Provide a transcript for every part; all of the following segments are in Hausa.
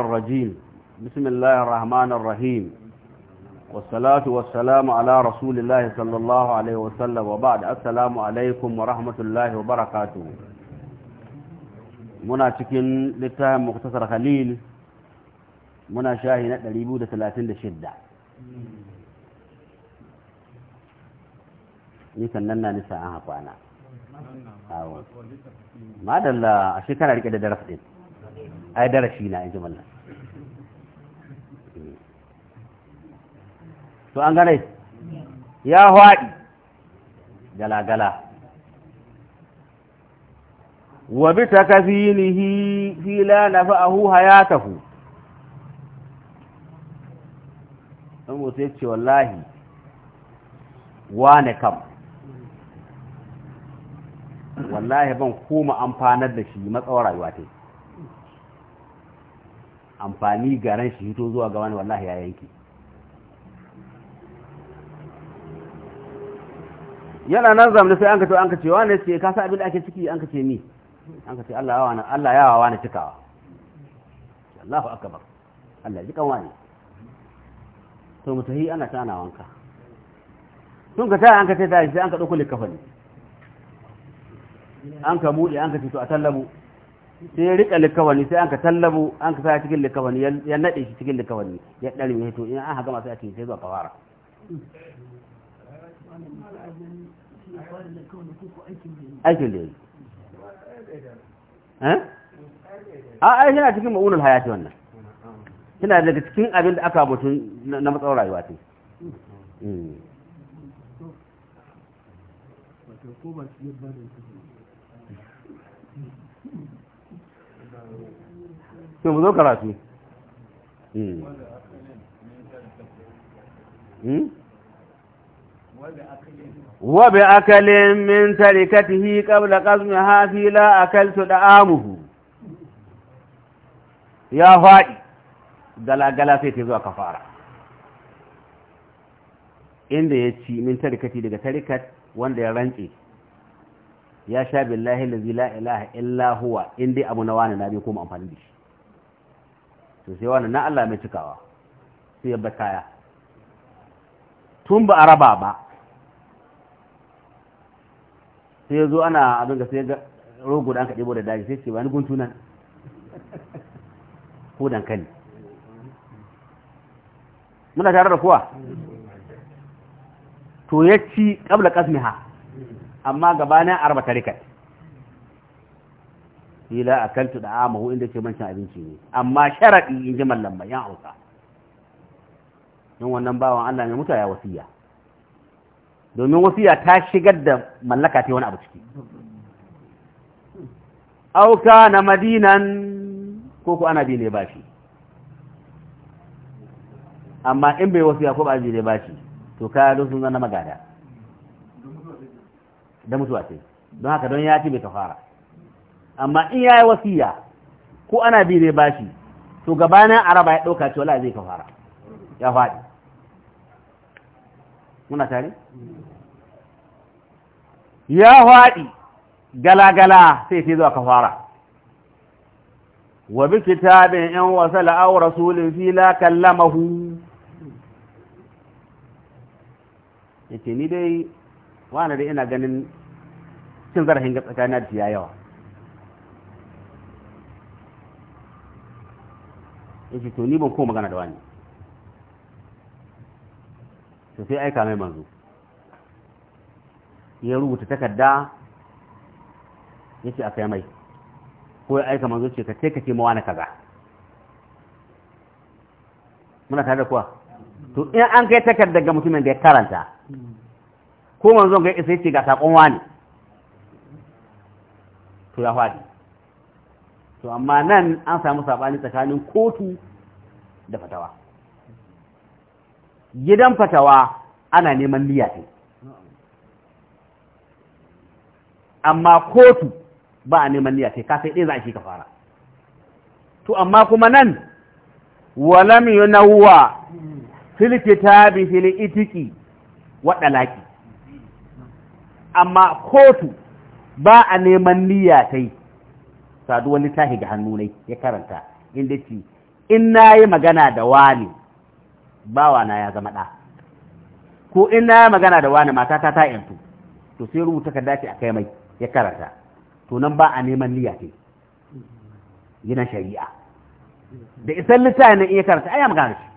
الرجيم بسم الله الرحمن الرحيم والصلاة والسلام على رسول الله صلى الله عليه وسلم وبعد السلام عليكم ورحمة الله وبركاته منا تكن لتهم مختصر خليل منا شاهنة لليبودة ثلاثين لشدة nikan لنا na nisa ما دل ma آه، لك a shekara ai darasi na ji mallan to an gane ya haɗi galagala wa bi takafinihi fi la nafa'ahu hayatahu in mutu ya ce wallahi wane kam wallahi ban koma amfanar da shi matsawar rayuwa ta amfani ga ran shi hito zuwa ga wani wallahi ya yanki yana nan zamani sai an ka to an ka ce wani ce ka sa abin da ake ciki an ka ce ni an ka ce Allah yawa na Allah yawa wani cikawa Allahu akbar Allah ji kan wani to mutahi ana tana wanka tun ka ta an ka da sai an ka dauko likafani an ka mudi an ka ce to a tallamu sai rika likawani sai an ka tallabo an ka sa cikin likawani ya nade shi cikin likawani ya dare mai to in an haka masu ake sai zuwa kawara aikin da yi eh? a ai yana cikin ma'unar hayati wannan yana daga cikin abin da aka mutu na matsawar rayuwa ce hmm. ko ba su yi ba da to mu zo karatu wa bi akalin min tarikatihi qabla qazmiha fi la akaltu da'amuhu ya faɗi galagala sai ta zuwa kafara inda ya ci min tarikati daga tarikat wanda ya rantse ya sha billahi la ilaha illa huwa inda abu na wani na bi kuma amfani da shi to sai wannan na Allah mai cikawa sai ya bakaya tun ba a raba ba sai ya zo ana abin ga sai ga rogo da an kaɗe ɗebo da daji sai ce wani guntu ko dankali muna tare da kowa to ya ci ƙabla ƙasmiha amma gabanin arba tarikai ila akaltu da amahu inda ce mancin abinci ne amma sharaɗi in ji mallan bayan hausa don wannan bawan Allah ne mutu ya wasiya domin wasiya ta shigar da mallaka ta wani abu ciki auka na madinan ko ku ana bi ne ba shi amma in bai wasiya ko ba bi ne ba shi to kaya don sun zana magada da mutuwa sai don haka don ya ci bai tafara. amma in ya yi wasiya ko ana bi ne bashi to gabanin araba ya ɗauka ce wala zai ka fara ya faɗi muna tare ya faɗi galagala sai sai zuwa ka fara wa bi kitabin 'yan wasa aw rasulun fi la kallamahu yace ni dai wani da ina ganin cin zarafin ga tsakanin da yawa yake to ni ban ko magana da wani to sai aika mai manzo ya rubuta takarda yace a kai mai ko ya aika manzo ce ka ce ka ce mawa na kaza muna tare da kuwa to in an kai takarda ga mutumin da ya karanta ko manzo ga isa yace ga sakon wani to ya fadi to amma nan an samu sabani tsakanin kotu da fatawa gidan fatawa ana neman liya ne amma kotu ba a neman liya ce ka sai ɗaya za a shi ka fara to amma kuma nan walam yunawwa fil kitabi fil itiki wa dalaki amma kotu ba a neman liya ta sadu wani tahi ga hannu ne ya karanta inda ce in na yi magana da wani bawana ya zama ɗa ko in na yi magana da wani matata ta yantu to sai rubuta ka dace a kai mai ya karanta to nan ba a neman niyya ce yana shari'a da isan littafin na iya karanta ai ya magana shi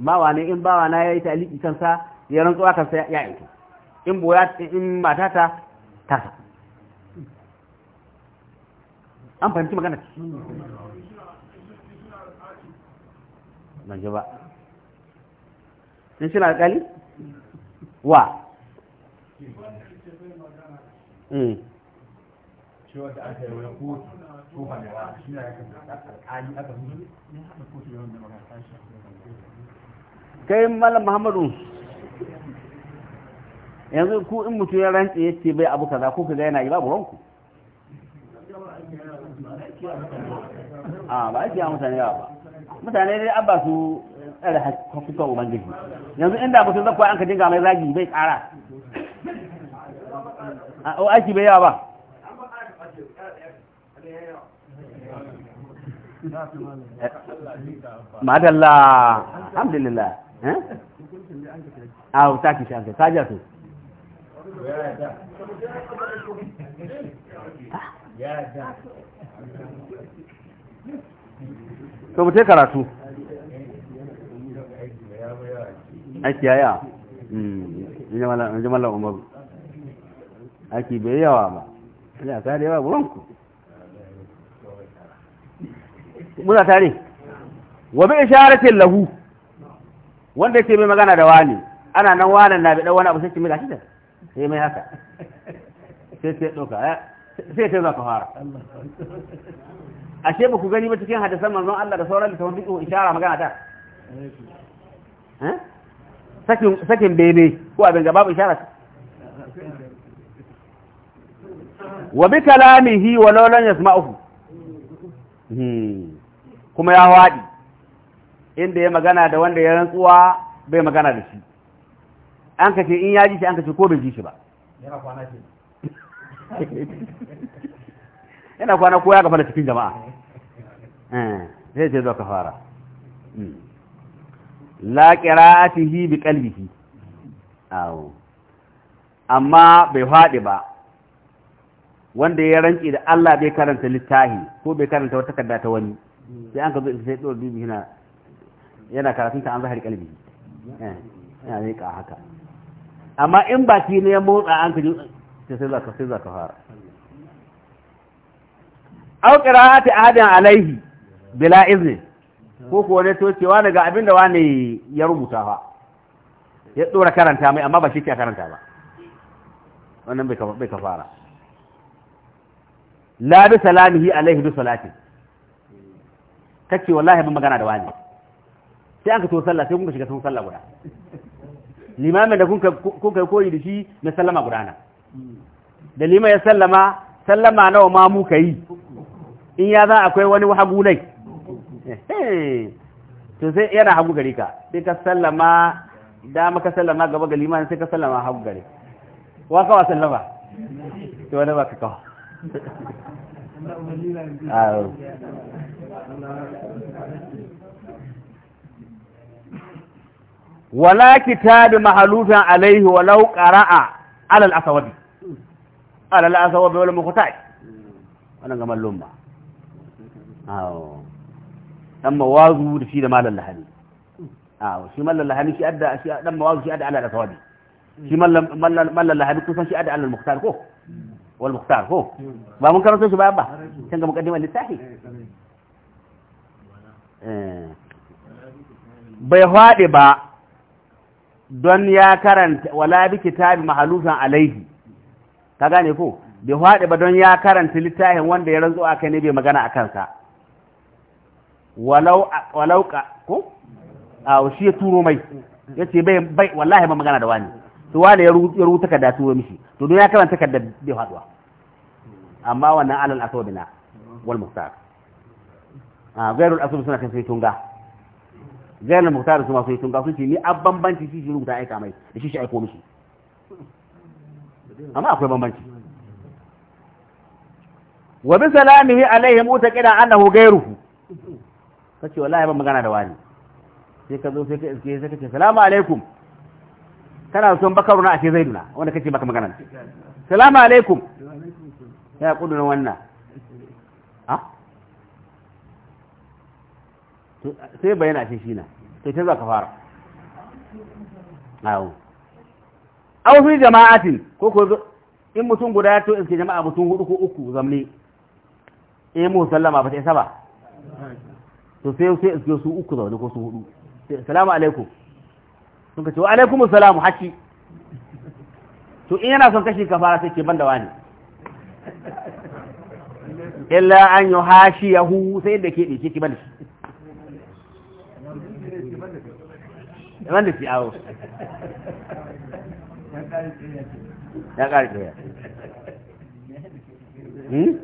bawa ne in bawana ya yi taliki kansa ya rantsuwa kansa ya yantu in boya in matata ta an fahimci magana ban ji ba sun shi na alkali wa hmm. kai malam muhammadu yanzu ku in mutu ya rantse ya ce bai abu kaza ko kaza yana yi babu ranku a ba a kiyawa mutane yawa ba mutane dai an ba su tsare hakuka ubangiji yanzu inda mutum zakwa an ka dinga mai zagi bai kara a aiki bai yawa ba eh, madalla alhamdulillah eh a ta shi ta ta ja to ya da to mutai karatu aiki yaya hmm. jimalar umaru aiki bai yawa ba ina ta da yawa buwanku muna tare wa bi isharatin lahu wanda ke mai magana da wani ana nan wani na bi dan wani abu sai ki mai gashi da sai mai haka sai sai doka sai ta za ka fara ashe ba ku gani ba cikin hadisan manzon Allah da sauran littafin duk ishara magana ta eh? sakin sakin bebe ko abin gaba babu ishara wa bi kalamihi wa law lan yasma'uhu hmm. kuma ya wadi inda ya magana da wanda ya rantsuwa bai magana da shi an kace in ya ji shi an kace ko bai ji shi ba yana kwana shi yana kwana ko ya gafa da cikin jama'a sai eh, ce zuwa kafara hmm. la qira'atihi bi qalbihi aw amma bai fadi ba wanda ya rantsi da Allah bai karanta littahi ko bai karanta wata takarda ta wani sai an ka zo sai dole dubi yana yana karatun ta an zahari kalbi eh, yana ne ka haka amma in baki ne ya motsa an ka sai za ka sai ka fara au qira'ati ahadin alaihi bila izni ko ko ne to cewa daga abinda wani ya rubuta fa ya dora karanta mai amma ba shi ke karanta ba wannan bai bai fara la bi salamihi alaihi bi salati kace wallahi ban magana da wani sai an ka to sallah sai kun shiga tun sallah guda limamin da kun kai koyi da shi na sallama gudana dalima ya sallama sallama nawa ma muka yi in ya za akwai wani hagu nai eh, to sai yana hagu gari ka sai ka sallama dama ka sallama gaba ga liman sai ka sallama hagu gari wa kawa sallama to wani ba ka kawa wala kitabi mahalufin alaihi walau qara'a alal asawadi ala la asawa bai wala mukhtaj wannan ga mallon ma awo dan mawazu da shi da malan lahani awo shi mallan lahani shi adda shi dan mawazu shi adda ala asawabi shi mallan mallan lahani kusan shi adda ala mukhtar ko wal mukhtar ko ba mun karanto shi ba ba kan ga muqaddimar littafi bai faɗi ba don ya karanta wala bi kitabi mahalufan alaihi ka gane ko bai haɗe ba don ya karanta littafin wanda ya rantsu a kai ne bai magana a kansa walau ko a shi ya turo mai ya ce bai bai wallahi ba magana da wani su wani ya rubuta su turo mishi to don ya karanta takarda bai haɗuwa amma wannan alal asabina wal muhtar a gairul asab suna kan sai tunga gairul muhtar su ma sai tunga sun ce ni abban banci shi shi rubuta aika mai da shi shi aiko mishi amma akwai bambanci wa bi salamihi alaihim kira annahu gairuhu kace wallahi ban magana da wani sai ka zo sai ka iske sai ce salamu alaikum kana son bakaruna a ce zaiduna wanda kace baka magana salamu alaikum ya kudu na wannan ha ah? sai bayana shi shi na sai ta za ka fara awo aw fi jama'atin ko ko in mutum guda ya to iske jama'a mutum hudu ko uku zamne eh mu sallama ba sai isa ba to sai sai iske su uku zaune ko su hudu assalamu alaikum sun kace wa alaikum assalamu haki to in yana son kashi kafara sai ke banda wani illa an yuhashi yahu sai da ke dace ki banda shi banda shi awo ya ƙari ya. Hmm?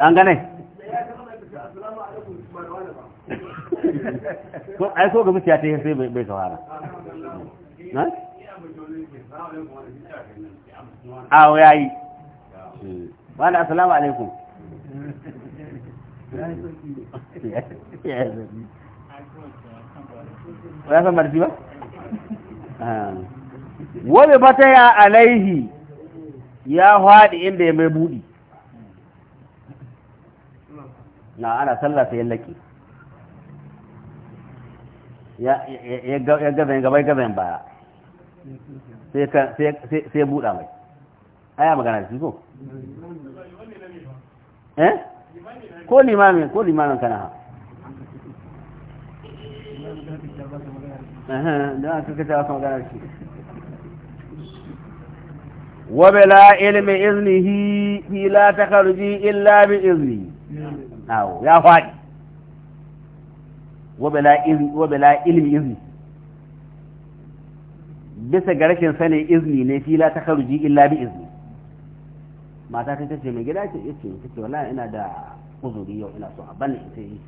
an gane ai so ga ta yi sai bai saurara awo ya yi wani asalamu alaikum ya san barci ba? Ah. wani bata ya alaihi ya haɗi inda ya mai buɗi na ana sallah sai yallake ya gazayin gaba ya gazayin baya sai buɗa mai aya magana da ko? eh? ko limamin ko limamin kana ha da aka kace wasu magana shi وبلا علم إذنه هي لا تخرجي إلا بإذنه أو يا فادي وبلا إذن وبلا علم إذنه bisa izini ne fi la takharuji illa bi izni mata ta gida ce yace kace ina da uzuri yau ina so a bani sai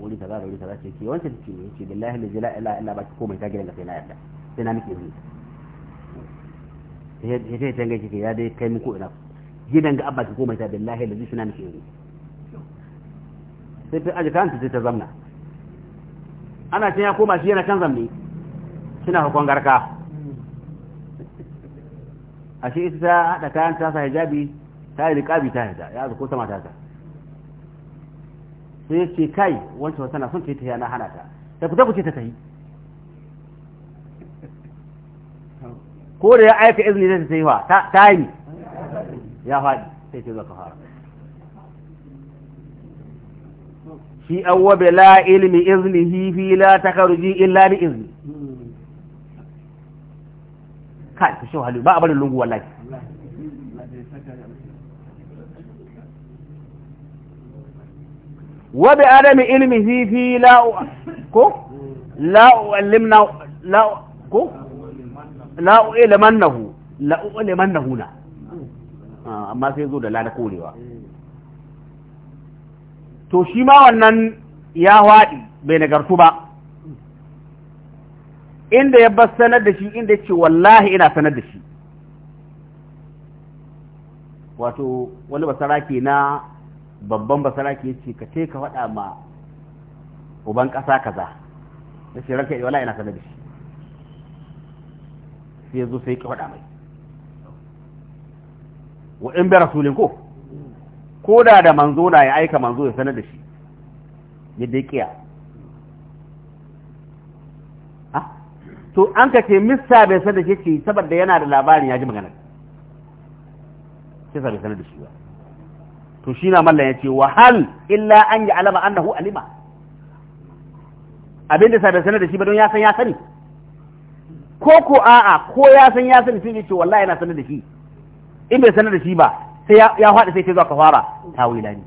wuri kaza da wuri kaza ce ke wancan ce yace billahi la illa ba ka sai na izini ya ce ta kai muku ina ta billahi da ana cin ya shi yana can zamne suna hukun garka shi ita ta haɗa kayan ta hijabi ta yi riƙabi ta ya zuko sama ta ta sai ce kai wancan wata na son ce ta yana hana ta ta fita ce ta ta yi ko da ya aika izini zai yi wa ta yi ya faɗi sai ce zaka fara shi awwa bi la ilmi iznihi hifi la takarji illa bi izni kai ta shi halu ba a barin lungu wallahi wa bi adami ilmihi fi la ko la uallimna la ko la u'lamannahu la nahu na ah, amma sai zo da lada korewa to shi ma wannan ya waɗi bai nagartu ba inda ya bar sanar da shi inda ya ce wallahi ina sanar da shi wato wani basaraki na babban basaraki ya ce ka ce ka faɗa ma uban ƙasa kaza ya ce ranka wallahi ina sanar da shi sai zo sai kawada mai wa in bai rasulin ko ko da da manzo na ya aika manzo ya sanar da shi ya dai kiya ah? to an ka ce mista bai sanar da shi ce saboda yana da labarin ya ji magana sai sa bai sanar da shi ba to shi na mallan ya ce wa hal illa an yi alama annahu alima abin da sa bai sanar da shi ba don ya san ya sani ko ko a'a ko ya san ya san sai ce wallahi yana sanar da shi in bai sanar da shi ba sai ya faɗi sai ce zuwa kafara wila ne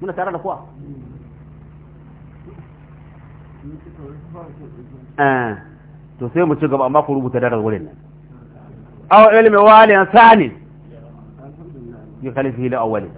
muna tare da kuwa eh, to sai mu ci gaba amma ku rubuta daren wurin nan aw ilmi waliyan sani yukhalifihi li awwalin